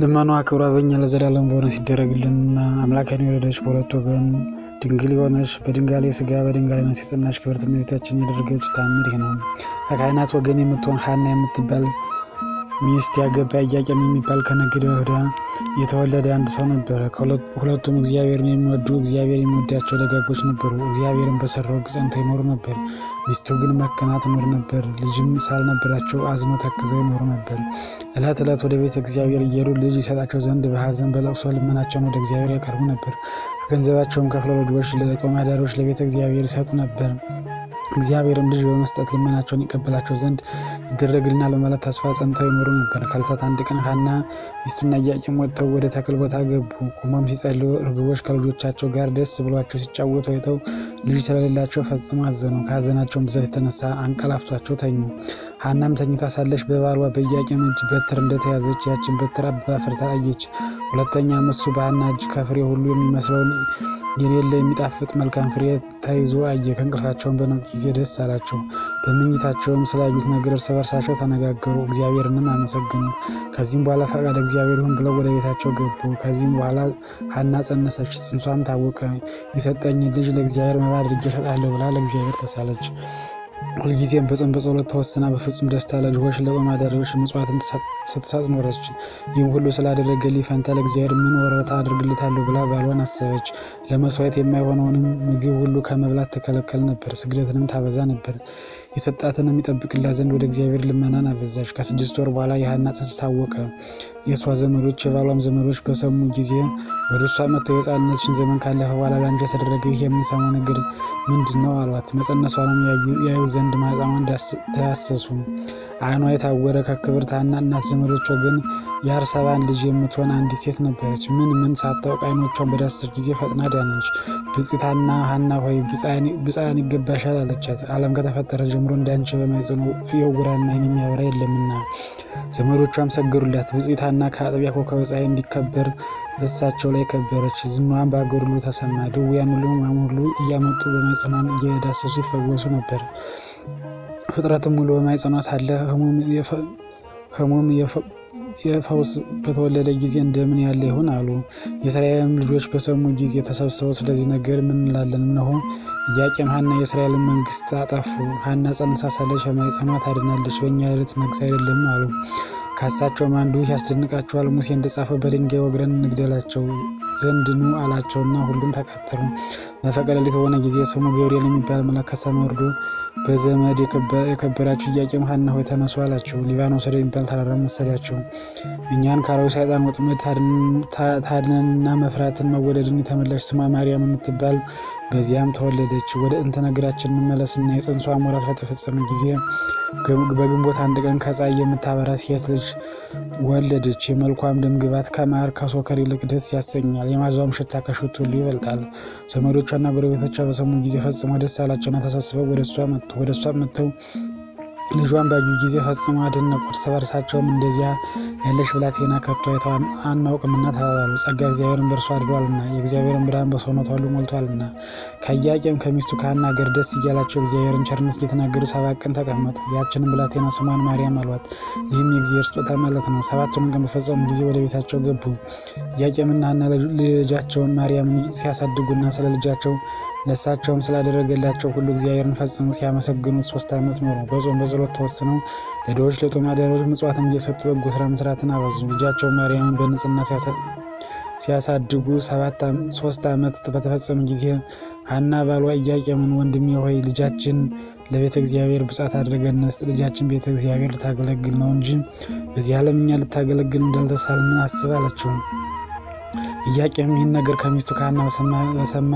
ልመኗ ክብረ በኛ ለዘላለም በሆነ ሲደረግልንና አምላካን የወለደች በሁለት ወገን ድንግል የሆነች በድንጋሌ ስጋ በድንጋሌ ነፍስ የጸናች ክብርት እመቤታችን ያደረገች ይህ ነው። ከካህናት ወገን የምትሆን ሀና የምትባል ሚስት ያገባ ኢያቄም የሚባል ከነገደ ይሁዳ የተወለደ አንድ ሰው ነበረ። ሁለቱም እግዚአብሔርን የሚወዱ እግዚአብሔር የሚወዳቸው ደጋጎች ነበሩ። እግዚአብሔርን በሰራው ሕግ ጸንተው ይኖሩ ነበር። ሚስቱ ግን መከና ትኖር ነበር። ልጅም ሳልነበራቸው አዝኖ ተክዘው ይኖሩ ነበር። ዕለት ዕለት ወደ ቤተ እግዚአብሔር እየሄዱ ልጅ ይሰጣቸው ዘንድ በሐዘን በለቅሶ ልመናቸውን ወደ እግዚአብሔር ያቀርቡ ነበር። ገንዘባቸውም ከፍለው ለድሆች፣ ለጦም ለቤተ እግዚአብሔር ይሰጡ ነበር። እግዚአብሔርም ልጅ በመስጠት ልመናቸውን ይቀበላቸው ዘንድ ይደረግልናል በማለት ተስፋ ጸንተው ይኖሩ ነበር። ከዕለታት አንድ ቀን ሐና ሚስቱና ኢያቄም ወጥተው ወደ ተክል ቦታ ገቡ። ቆመም ሲጸልዩ እርግቦች ከልጆቻቸው ጋር ደስ ብሏቸው ሲጫወቱ አይተው ልጅ ስለሌላቸው ፈጽሞ አዘኑ። ከሐዘናቸውን ብዛት የተነሳ አንቀላፍቷቸው ተኙ። ሐናም ተኝታ ሳለች በባሏ በኢያቄም እጅ በትር እንደተያዘች ያችን በትር አበባ ፈርታ አየች። ሁለተኛም እሱ በሐና እጅ ከፍሬ ሁሉ የሚመስለውን የሌለ የሚጣፍጥ መልካም ፍሬ ተይዞ አየ። ከእንቅልፋቸውን በነቁ ጊዜ ደስ አላቸው። በምኝታቸውም ስላዩት ነገር እርስ በርሳቸው ተነጋገሩ፣ እግዚአብሔርንም አመሰግኑ። ከዚህም በኋላ ፈቃድ እግዚአብሔር ይሁን ብለው ወደ ቤታቸው ገቡ። ከዚህም በኋላ ሀና ጸነሰች፣ ጽንሷም ታወቀ። የሰጠኝ ልጅ ለእግዚአብሔር መባ አድርጌ እሰጣለሁ ብላ ለእግዚአብሔር ተሳለች። ሁልጊዜም በጽም በጸሎት ተወስና በፍጹም ደስታ ለድሆች ለጦም አዳሪዎች ምጽዋትን ስትሰጥ ኖረች። ይህም ሁሉ ስላደረገልኝ ፈንታ ለእግዚአብሔር ምን ወረታ አድርግልታለሁ ብላ ባሏን አሰበች። ለመስዋዕት የማይሆነውንም ምግብ ሁሉ ከመብላት ትከለከል ነበር፣ ስግደትንም ታበዛ ነበር። የሰጣትንም ይጠብቅላት ዘንድ ወደ እግዚአብሔር ልመናን አበዛች። ከስድስት ወር በኋላ የሐና ጽንስ ታወቀ። የእሷ ዘመዶች የባሏም ዘመዶች በሰሙ ጊዜ ወደ እሷ መጥተው የሕፃንነትሽን ዘመን ካለፈ በኋላ ለአንቺ የተደረገ ይህ የምንሰማው ነገር ምንድን ነው? አሏት። መጸነሷንም ያዩ ዘንድ ማሕፀኗን ዳሰሱ። አይኗ የታወረ ከክብር እናት ዘመዶቿ ወገን የአርሳባን ልጅ የምትሆን አንዲት ሴት ነበረች። ምን ምን ሳታውቅ አይኖቿን በዳሰሰች ጊዜ ፈጥና ዳነች። ብፅዕታና ሐና ሆይ ብፅዓን ይገባሻል አለቻት። ዓለም ከተፈጠረ ጀምሮ እንዳንቺ በማይጽኑ የውራና ዓይን የሚያበራ የለምና። ዘመዶቿም ሰገዱላት። ብፅዕታና ከአጥቢያ ኮከበ ፀሐይ እንዲከበር በእሳቸው ላይ ከበረች። ዝናዋን በአገር ሁሉ ተሰማ። ድውያን ሁሉ ሕሙማን ሁሉ እያመጡ በማኅፀኗን እየዳሰሱ ይፈወሱ ነበር። ፍጥረትም ሁሉ በማኅፀኗ ሳለ ሕሙም የፈውስ በተወለደ ጊዜ እንደምን ያለ ይሆን አሉ። የእስራኤልም ልጆች በሰሙ ጊዜ ተሰብስበው ስለዚህ ነገር ምን እንላለን? እነሆ ኢያቄም ሐና የእስራኤልን መንግስት አጠፉ። ሐና ጸንሳ ሳለች በማኅፀኗ ታድናለች፣ በእኛ ላይ ልትነግስ አይደለም አሉ። ካሳቸውም አንዱ ያስደንቃቸዋል፣ ሙሴ እንደጻፈ በድንጋይ ወግረን እንግደላቸው ዘንድ ኑ አላቸውና ሁሉም ተቃጠሉ። በፈቀለሊት ሆነ በሆነ ጊዜ ስሙ ገብርኤል የሚባል መልአክ ከሰማይ ወርዶ በዘመድ የከበራቸው ኢያቄም ሐና ሆይ ተነሱ አላቸው። ሊባኖስ ወደ የሚባል ተራራ መሰዳቸው። እኛን ከአራዊት ሰይጣን ወጥመድ ታድነንና መፍራትን መወደድን የተመለሽ ስማ ማርያም የምትባል በዚያም ተወለደች። ወደ እንተ ነገራችን እንመለስና የጽንሷ ሞራት በተፈጸመ ጊዜ በግንቦት አንድ ቀን ከፀሐይ የምታበራ ሴት ልጅ ወለደች። የመልኳም ግባት ከማር ከሶከር ይልቅ ደስ ያሰኛል። የማዛውም ሽታ ከሽቱ ሁሉ ይበልጣል። ዘመዶቿና ጎረቤቶቿ በሰሙ ጊዜ ፈጽሞ ደስ አላቸውና ተሳስበው ወደ እሷ መጥተው ልጇን ባዩ ጊዜ ፈጽሞ አደነቁት። እርስ በርሳቸውም እንደዚያ ያለሽ ብላቴና ከቶ አይተን አናውቅምና ተባባሉ። ጸጋ እግዚአብሔርን በእርሷ አድሯልና የእግዚአብሔርን ብርሃን በሰውነቷ ሁሉ ሞልቷልና። ከኢያቄም ከሚስቱ ከሐና ጋር ደስ እያላቸው እግዚአብሔርን ቸርነት እየተናገሩ ሰባት ቀን ተቀመጡ። ያችንም ብላቴና ስሟን ማርያም አሏት። ይህም የእግዚአብሔር ስጦታ ማለት ነው። ሰባቱንም ቀን በፈጸሙ ጊዜ ወደ ቤታቸው ገቡ። ኢያቄምና ሐና ልጃቸውን ማርያምን ሲያሳድጉና ስለ ልጃቸው ለእሳቸውም ስላደረገላቸው ሁሉ እግዚአብሔርን ፈጽሞ ሲያመሰግኑት ሶስት ዓመት ኖሩ። በጾም በጸሎት ተወስነው ለድሆች ለጦም አዳሪዎች ምጽዋትም እየሰጡ በጎ ስራ መስራትን አበዙ። ልጃቸው ማርያምን በንጽህና ሲያሳድጉ ሶስት ዓመት በተፈጸመ ጊዜ ሀና ባሏ ኢያቄምን ወንድሜ ሆይ ልጃችን ለቤተ እግዚአብሔር ብጻት አድርገን እንስጥ። ልጃችን ቤተ እግዚአብሔር ልታገለግል ነው እንጂ በዚህ ዓለም እኛ ልታገለግል እንዳልተሳልን አስብ አለችው። ኢያቄም ይህን ነገር ከሚስቱ ከሀና በሰማ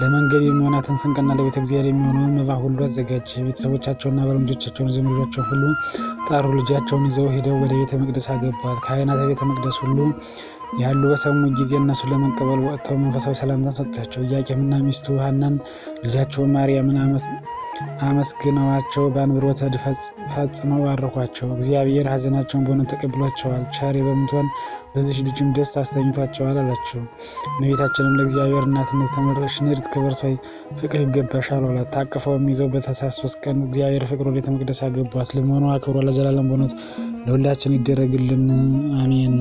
ለመንገድ የሚሆናትን ስንቅና ለቤተ እግዚአብሔር የሚሆነውን መባ ሁሉ አዘጋጀ። ቤተሰቦቻቸውና በረንጆቻቸውን ዘመዶቻቸውን ሁሉ ጠሩ። ልጃቸውን ይዘው ሄደው ወደ ቤተ መቅደስ አገቧት። ካህናት ቤተ መቅደስ ሁሉ ያሉ በሰሙ ጊዜ እነሱን ለመቀበል ወጥተው መንፈሳዊ ሰላምታን ሰጥቷቸው ኢያቄምና ሚስቱ ሐናን ልጃቸውን ማርያምን አመስግነዋቸው በአንብሮተ እድ ፈጽመው ባረኳቸው። እግዚአብሔር ሐዘናቸውን በሆነ ተቀብሏቸዋል፣ ቸር በምትሆን በዚች ልጅም ደስ አሰኝቷቸዋል አላቸው። እመቤታችንም ለእግዚአብሔር እናትነት ተመረሽ ንዕድ ክብርት ወይ ፍቅር ይገባሻል አሏት። ታቅፈውም ይዘው በታኅሳስ ቀን እግዚአብሔር ፍቅር ወደ መቅደስ አገቧት። ለመሆኑ አክብሯ ለዘላለም በሆነት ለሁላችን ይደረግልን፣ አሜን።